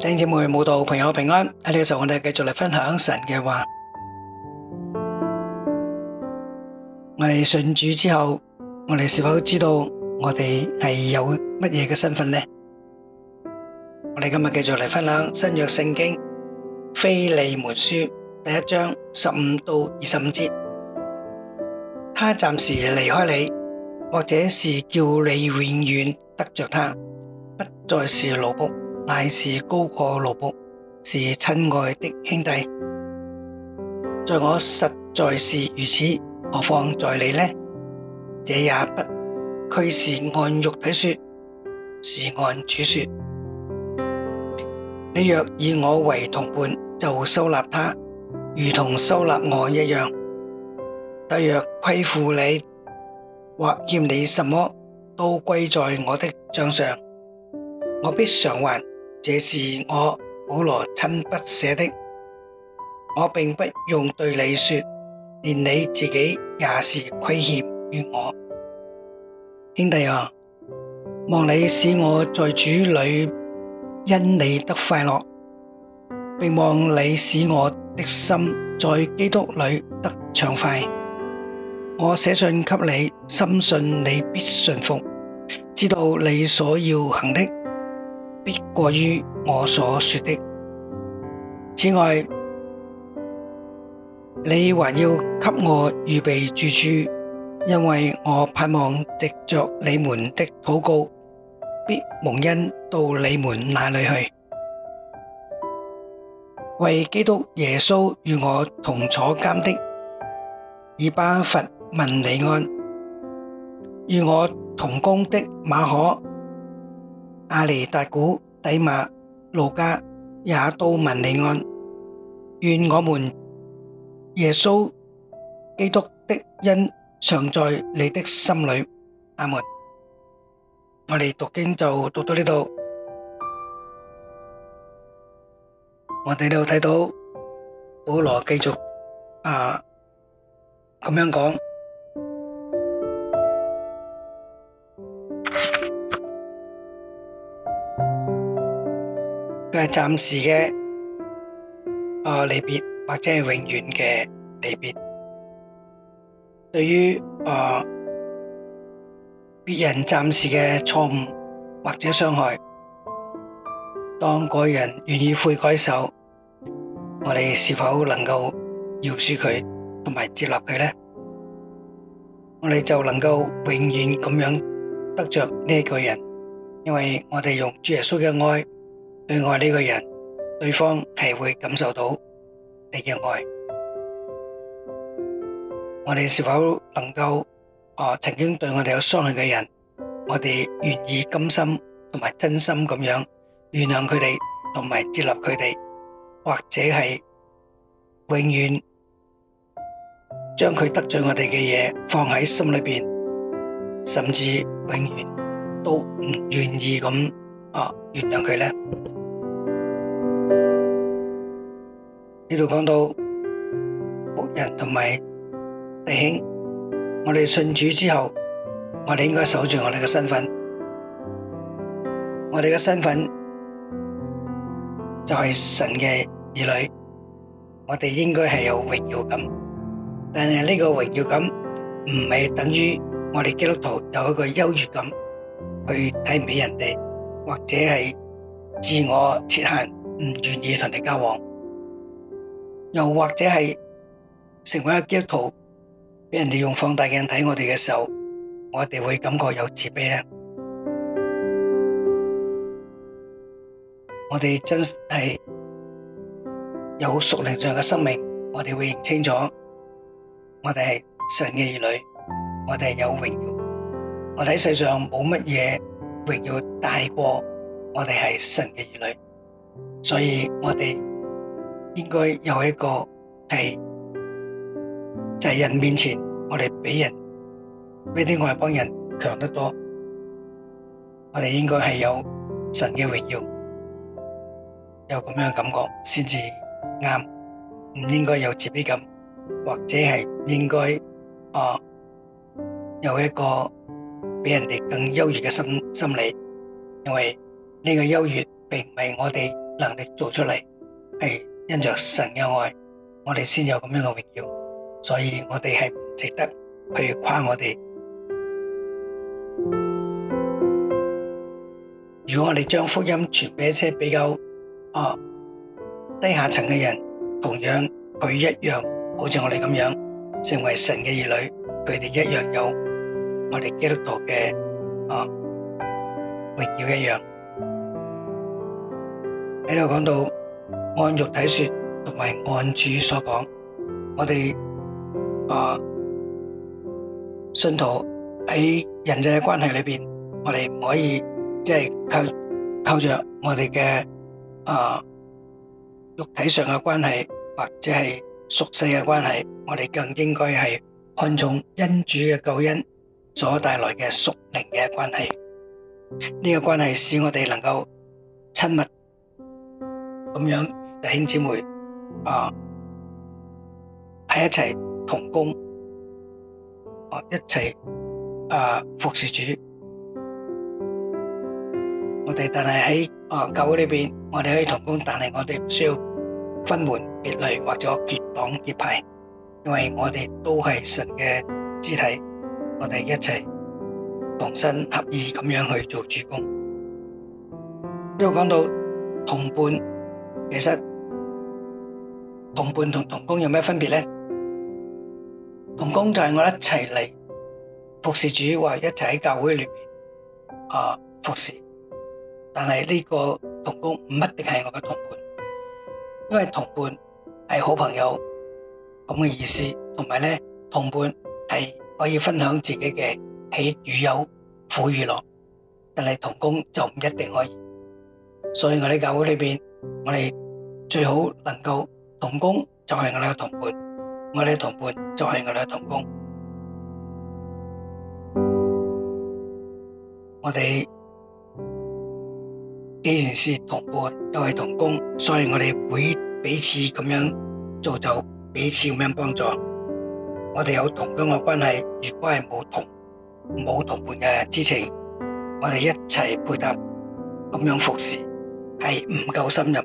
弟兄姊妹、舞蹈，朋友平安！喺呢個時候，我哋繼續嚟分享神嘅話。我哋信主之後，我哋是否知道我哋係有乜嘢嘅身份呢？我哋今日繼續嚟分享新約聖經腓利門書第一章十五到二十五節。他暫時離開你，或者是叫你永遠得着他，不再是奴僕。乃是高過奴僕，是親愛的兄弟，在我實在是如此，何況在你呢？這也不拘是按肉體說，是按主說。你若以我為同伴，就收納他，如同收納我一樣；但若虧負你或欠你什麼，都歸在我的賬上，我必償還。這是我保羅親筆寫的，我並不用對你說，連你自己也是虧欠於我，兄弟啊，望你使我在主裏因你得快樂，並望你使我的心在基督裏得暢快。我寫信給你，深信你必順服，知道你所要行的。必過於我所說的。此外，你還要給我預備住處，因為我盼望藉着你們的禱告，必蒙恩到你們那裏去，為基督耶穌與我同坐監的以巴弗問你安，與我同工的馬可。阿尼達古底馬路加也都文尼安，願我們耶穌基督的恩常在你的心裏。阿門。我哋讀經就讀到呢度，我哋就睇到保羅繼續啊咁樣講。係暫時嘅誒離別，或者係永遠嘅離別。對於誒別人暫時嘅錯誤或者傷害，當嗰個人願意悔改嘅時候，我哋是否能夠饒恕佢同埋接納佢呢？我哋就能夠永遠咁樣得着呢一個人，因為我哋用主耶穌嘅愛。對愛呢個人，對方係會感受到你嘅愛。我哋是否能夠啊？曾經對我哋有傷害嘅人，我哋願意甘心同埋真心咁樣原諒佢哋，同埋接納佢哋，或者係永遠將佢得罪我哋嘅嘢放喺心裏邊，甚至永遠都唔願意咁啊原諒佢呢？呢度講到僕人同埋弟兄，我哋信主之後，我哋應該守住我哋嘅身份。我哋嘅身份就係神嘅兒女，我哋應該係有榮耀感。但係呢個榮耀感唔係等於我哋基督徒有一個優越感，去睇唔起人哋，或者係自我設限，唔願意同你交往。又或者係成為一個基督徒，俾人哋用放大鏡睇我哋嘅時候，我哋會感覺有自卑呢。我哋真係有好屬靈上嘅生命，我哋會認清楚，我哋係神嘅兒女，我哋有榮耀，我哋喺世上冇乜嘢榮耀大過我哋係神嘅兒女，所以我哋。應該有一個係在人面前，我哋比人比啲外邦人強得多。我哋應該係有神嘅榮耀，有咁樣嘅感覺先至啱，唔應該有自卑感，或者係應該啊有一個比人哋更優越嘅心心理，因為呢個優越並唔係我哋能力做出嚟，係。因着神嘅愛，我哋先有咁樣嘅榮耀，所以我哋係唔值得去誇我哋。如果我哋將福音傳俾一些比較啊低下層嘅人，同樣佢一樣，好似我哋咁樣成為神嘅兒女，佢哋一樣有我哋基督徒嘅啊榮耀一樣。喺度講到。按肉體說，同埋按主所講，我哋啊，信徒喺人際嘅關係裏邊，我哋唔可以即係、就是、靠靠着我哋嘅啊肉體上嘅關係，或者係屬世嘅關係，我哋更應該係看重因主嘅救恩所帶來嘅屬靈嘅關係。呢、這個關係使我哋能夠親密咁樣。弟兄姊妹，啊，喺一齊同工，哦，一齊，誒，服侍主，我哋但係喺，啊，教會呢邊，我哋可以同工，但係我哋唔需要分門別類或者結黨結派，因為我哋都係神嘅肢體，我哋一齊同心合意咁樣去做主工。因為講到同伴，其實。同伴同同工有咩分別呢？同工就係我一齊嚟服侍主，或一齊喺教會裏邊啊服侍。但係呢個同工唔一定係我嘅同伴，因為同伴係好朋友咁嘅意思，同埋咧同伴係可以分享自己嘅喜與憂、苦與樂，但係同工就唔一定可以。所以我喺教會裏邊，我哋最好能夠。同工就係我哋嘅同伴，我哋嘅同伴就係我哋嘅同工。我哋既然是同伴，又係同工，所以我哋會彼此咁樣造就，彼此咁樣幫助。我哋有同工嘅關係，如果係冇同冇同伴嘅支持，我哋一齊配搭咁樣服侍，係唔夠深入，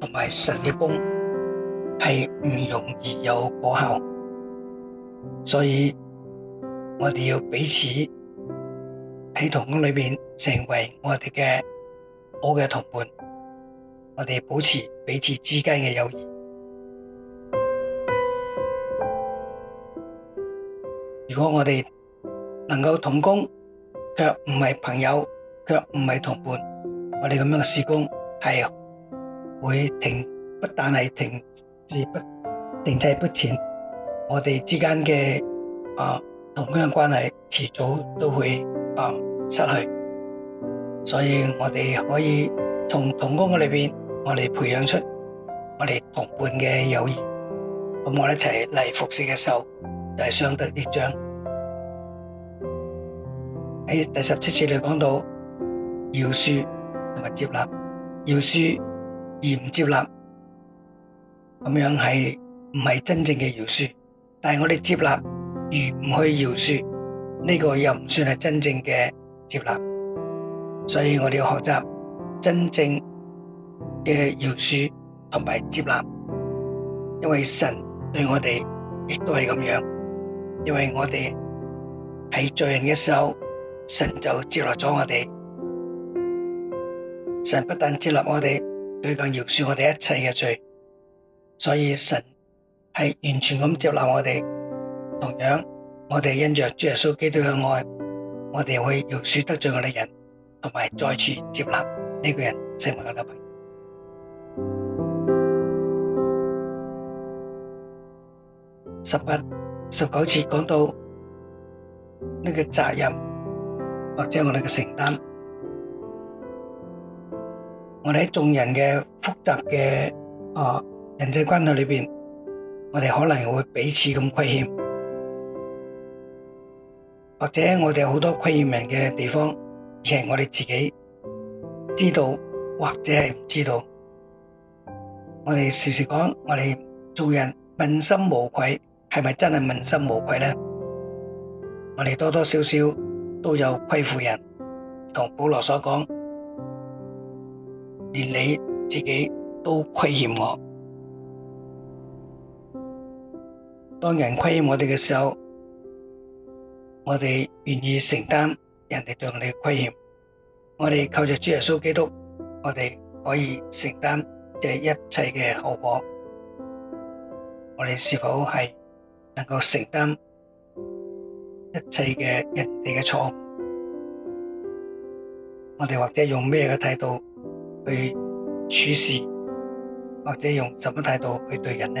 同埋神嘅工。係唔容易有果效，所以我哋要彼此喺同工裏面成為我哋嘅好嘅同伴，我哋保持彼此之間嘅友誼。如果我哋能夠同工，卻唔係朋友，卻唔係同伴，我哋噉樣嘅事工係會停，不但係停。是不定制不前，我哋之間嘅啊同工嘅關係遲早都會啊失去，所以我哋可以從同工嘅裏面，我哋培養出我哋同伴嘅友誼，咁我哋一齊嚟服侍嘅時候就係相得益彰。喺第十七節裏講到，要輸同埋接納，要輸而唔接納。咁樣係唔係真正嘅饒恕？但係我哋接納而唔去饒恕呢個又唔算係真正嘅接納，所以我哋要學習真正嘅饒恕同埋接納，因為神對我哋亦都係咁樣，因為我哋喺罪人嘅時候，神就接納咗我哋，神不但接納我哋，佢更饒恕我哋一切嘅罪。所以神係完全咁接納我哋，同樣我哋因着主耶穌基督嘅愛，我哋會饒恕得罪我哋嘅人，同埋再次接納呢個人成為我嘅朋友。十八、十九節講到呢個責任或者我哋嘅承擔，我哋喺眾人嘅複雜嘅啊。人際關係裏面，我哋可能會彼此咁虧欠，或者我哋好多虧欠人嘅地方，其實我哋自己知道或者係唔知道。我哋時時講我哋做人問心無愧，係咪真係問心無愧呢？我哋多多少少都有虧負人，同保羅所講，連你自己都虧欠我。當人虧我哋嘅時候，我哋願意承擔人哋對我哋嘅虧欠。我哋靠住主耶穌基督，我哋可以承擔這一切嘅後果。我哋是否係能夠承擔一切嘅人哋嘅錯誤？我哋或者用咩嘅態度去處事，或者用什麼態度去對人呢？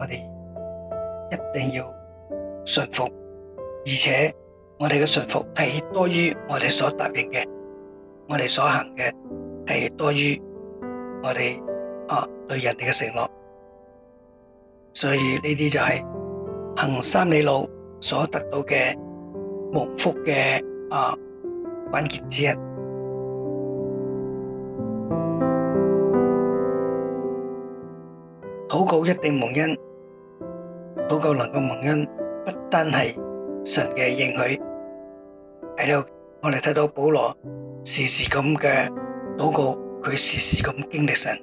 我哋一定要順服，而且我哋嘅順服係多於我哋所答應嘅，我哋所行嘅係多於我哋啊對人哋嘅承諾，所以呢啲就係行三里路所得到嘅蒙福嘅啊關鍵之一。禱告一定蒙恩。禱告能夠蒙恩，不單係神嘅應許。喺呢度，我哋睇到保羅時時咁嘅禱告，佢時時咁經歷神。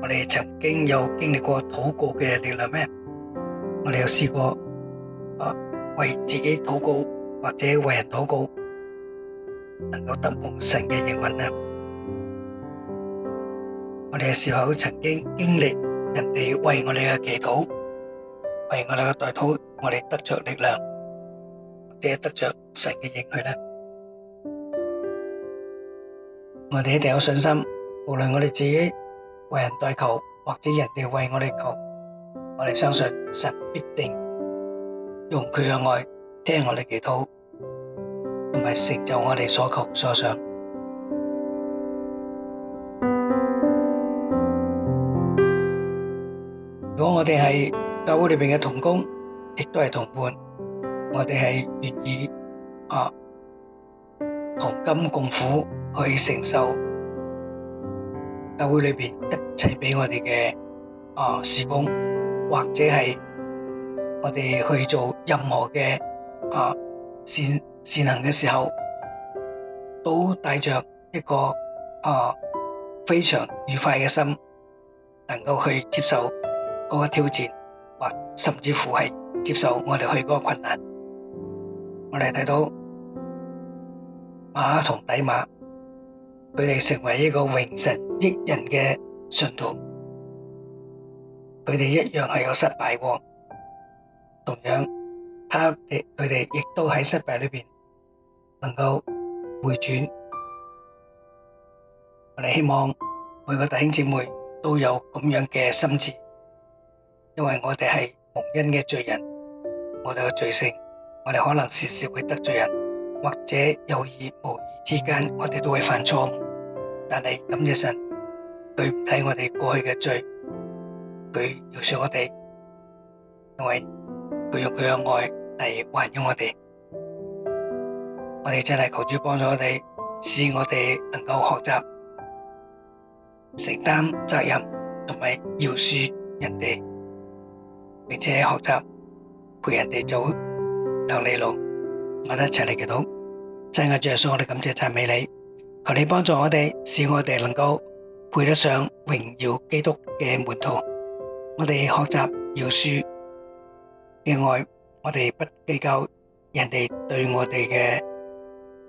我哋曾經有經歷過禱告嘅力量咩？我哋有試過啊為自己禱告或者為人禱告，能夠得蒙神嘅應允啊？我哋嘅時候曾經經歷。人哋為我哋嘅祈禱，為我哋嘅代禱，我哋得着力量，或者得着神嘅應許呢。我哋一定有信心，無論我哋自己為人代求，或者人哋為我哋求，我哋相信神必定用佢嘅愛聽我哋祈禱，同埋成就我哋所求所想。如果我哋係教會裏邊嘅同工，亦都係同伴，我哋係願意啊同甘共苦去承受教會裏邊一切俾我哋嘅啊事工，或者係我哋去做任何嘅啊善善行嘅時候，都帶着一個啊非常愉快嘅心，能夠去接受。嗰個挑戰，或甚至乎係接受我哋去嗰個困難。我哋睇到馬同底馬，佢哋成為一個榮神益人嘅信徒，佢哋一樣係有失敗過。同樣，佢哋佢哋亦都喺失敗裏面能夠回轉。我哋希望每個弟兄姊妹都有咁樣嘅心智。因為我哋係蒙恩嘅罪人，我哋嘅罪性，我哋可能時時會得罪人，或者有意無意之間，我哋都會犯錯誤。但係感謝神，對唔起我哋過去嘅罪，佢饒恕我哋，因為佢用佢嘅愛嚟還咗我哋。我哋真係求主幫助我哋，使我哋能夠學習承擔責任，同埋饒恕人哋。而且學習陪人哋走兩里路，我哋一齊嚟祈禱。親愛嘅主耶穌，我哋感謝讚美你，求你幫助我哋，使我哋能夠配得上榮耀基督嘅門徒。我哋學習饒恕嘅愛，我哋不計較人哋對我哋嘅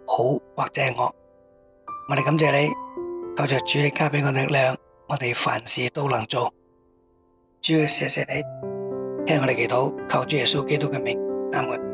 好或者惡。我哋感謝你，靠着主力加俾我力量，我哋凡事都能做。主要謝謝你。聽我哋祈禱，求主耶穌基督嘅名，阿門。